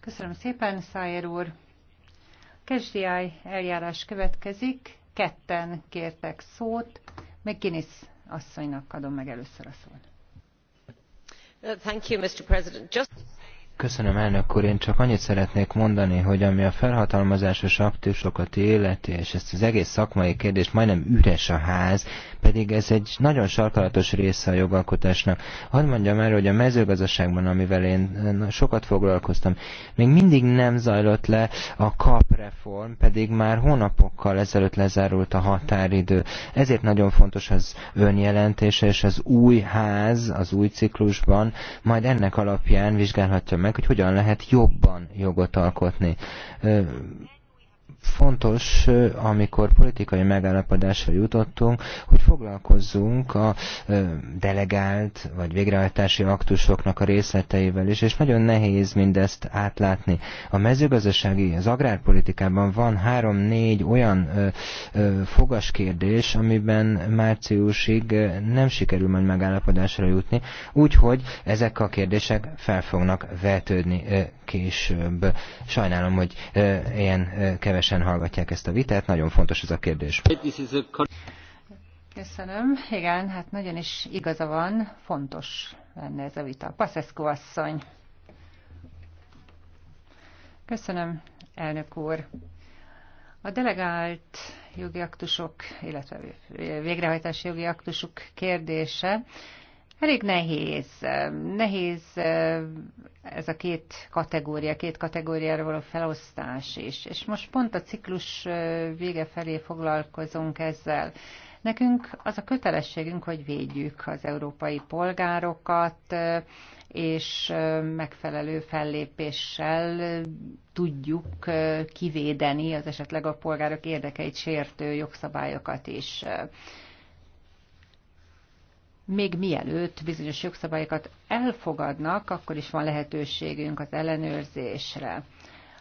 Köszönöm szépen, Szájer úr. Kesdiáj eljárás következik. Ketten kértek szót. McGuinness asszonynak adom meg először a szót. Thank you, Mr. President. Just... Köszönöm, elnök úr. Én csak annyit szeretnék mondani, hogy ami a felhatalmazásos aktusokat illeti, és ezt az egész szakmai kérdést majdnem üres a ház, pedig ez egy nagyon sarkalatos része a jogalkotásnak. Hadd mondjam erről, hogy a mezőgazdaságban, amivel én eh, sokat foglalkoztam, még mindig nem zajlott le a kapreform, pedig már hónapokkal ezelőtt lezárult a határidő. Ezért nagyon fontos az önjelentése, és az új ház az új ciklusban majd ennek alapján vizsgálhatja meg, hogy hogyan lehet jobban jogot alkotni eh, fontos, amikor politikai megállapodásra jutottunk, hogy foglalkozzunk a delegált vagy végrehajtási aktusoknak a részleteivel is, és nagyon nehéz mindezt átlátni. A mezőgazdasági, az agrárpolitikában van három-négy olyan fogaskérdés, amiben márciusig nem sikerül majd megállapodásra jutni, úgyhogy ezek a kérdések fel fognak vetődni később. Sajnálom, hogy ilyen kevés szívesen hallgatják ezt a vitát, nagyon fontos ez a kérdés. Köszönöm. Igen, hát nagyon is igaza van, fontos lenne ez a vita. Paszeszko asszony. Köszönöm, elnök úr. A delegált jogi aktusok, illetve végrehajtási jogi aktusok kérdése Elég nehéz. Nehéz eh, ez a két kategória, két kategóriára való felosztás is. És most pont a ciklus eh, vége felé foglalkozunk ezzel. Nekünk az a kötelességünk, hogy védjük az európai polgárokat, eh, és megfelelő fellépéssel tudjuk kivédeni az esetleg a polgárok érdekeit sértő jogszabályokat is még mielőtt bizonyos jogszabályokat elfogadnak, akkor is van lehetőségünk az ellenőrzésre.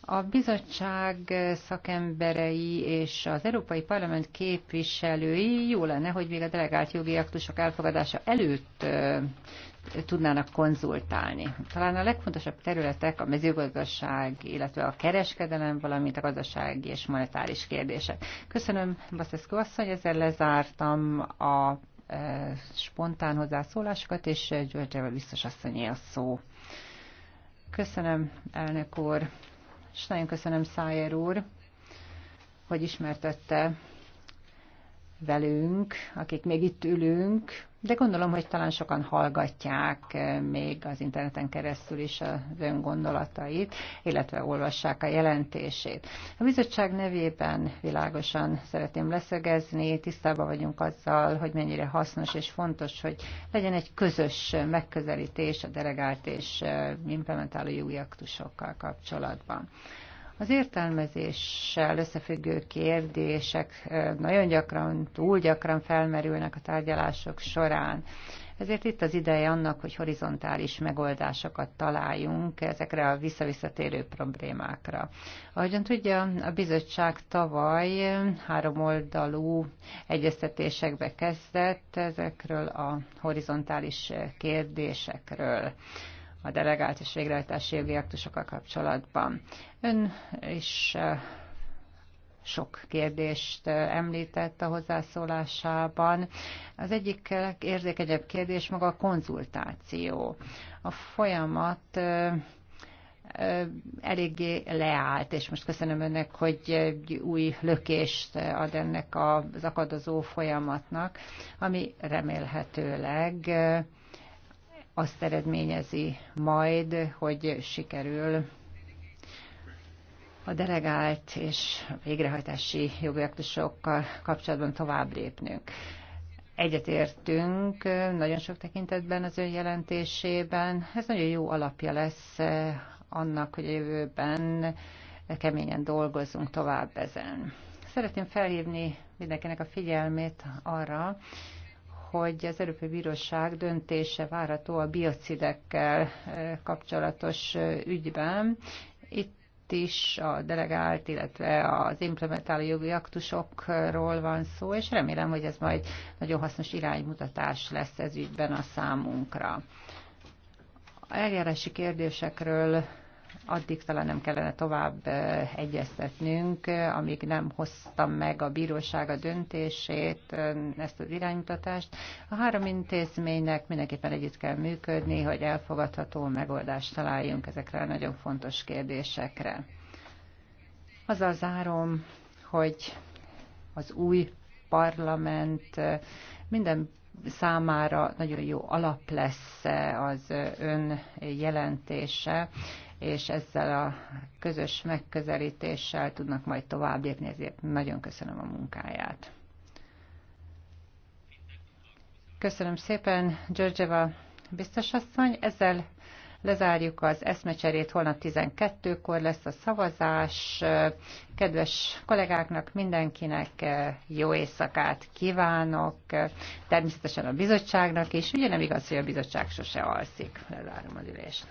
A bizottság szakemberei és az Európai Parlament képviselői jó lenne, hogy még a delegált jogi aktusok elfogadása előtt tudnának konzultálni. Talán a legfontosabb területek a mezőgazdaság, illetve a kereskedelem, valamint a gazdasági és monetáris kérdések. Köszönöm, Baszeszko asszony, ezzel lezártam a spontán hozzászólásokat, és Györgyeva biztos asszonyé a szó. Köszönöm, elnök úr, és nagyon köszönöm Szájer úr, hogy ismertette velünk, akik még itt ülünk, de gondolom, hogy talán sokan hallgatják eh, még az interneten keresztül is az ön gondolatait, illetve olvassák a jelentését. A bizottság nevében világosan szeretném leszögezni, tisztában vagyunk azzal, hogy mennyire hasznos és fontos, hogy legyen egy közös megközelítés a delegált és eh, implementáló jogi aktusokkal kapcsolatban. Az értelmezéssel összefüggő kérdések nagyon gyakran, túl gyakran felmerülnek a tárgyalások során. Ezért itt az ideje annak, hogy horizontális megoldásokat találjunk ezekre a visszavisszatérő problémákra. Ahogyan tudja, a bizottság tavaly három oldalú egyeztetésekbe kezdett ezekről a horizontális kérdésekről a delegált és végrehajtási jogi aktusokkal kapcsolatban. Ön is sok kérdést említett a hozzászólásában. Az egyik érzékenyebb kérdés maga a konzultáció. A folyamat eléggé leállt, és most köszönöm önnek, hogy egy új lökést ad ennek az akadozó folyamatnak, ami remélhetőleg azt eredményezi majd, hogy sikerül a delegált és végrehajtási jogi kapcsolatban tovább lépnünk. Egyetértünk nagyon sok tekintetben az ön jelentésében. Ez nagyon jó alapja lesz annak, hogy a jövőben keményen dolgozzunk tovább ezen. Szeretném felhívni mindenkinek a figyelmét arra, hogy az Európai Bíróság döntése várható a biocidekkel eh, kapcsolatos eh, ügyben. Itt is a delegált, illetve az implementáló jogi aktusokról van szó, és remélem, hogy ez majd nagyon hasznos iránymutatás lesz ez ügyben a számunkra. A eljárási kérdésekről addig talán nem kellene tovább egyeztetnünk, amíg nem hoztam meg a bíróság a döntését, ezt az iránymutatást. A három intézménynek mindenképpen együtt kell működni, hogy elfogadható megoldást találjunk ezekre a nagyon fontos kérdésekre. Azzal zárom, hogy az új parlament minden számára nagyon jó alap lesz az ön jelentése, és ezzel a közös megközelítéssel tudnak majd tovább lépni, ezért nagyon köszönöm a munkáját. Köszönöm szépen, Georgieva biztosasszony. Ezzel lezárjuk az eszmecserét, holnap 12-kor lesz a szavazás. Kedves kollégáknak, mindenkinek jó éjszakát kívánok, természetesen a bizottságnak, és ugye nem igaz, hogy a bizottság sose alszik. Lezárom az ülést.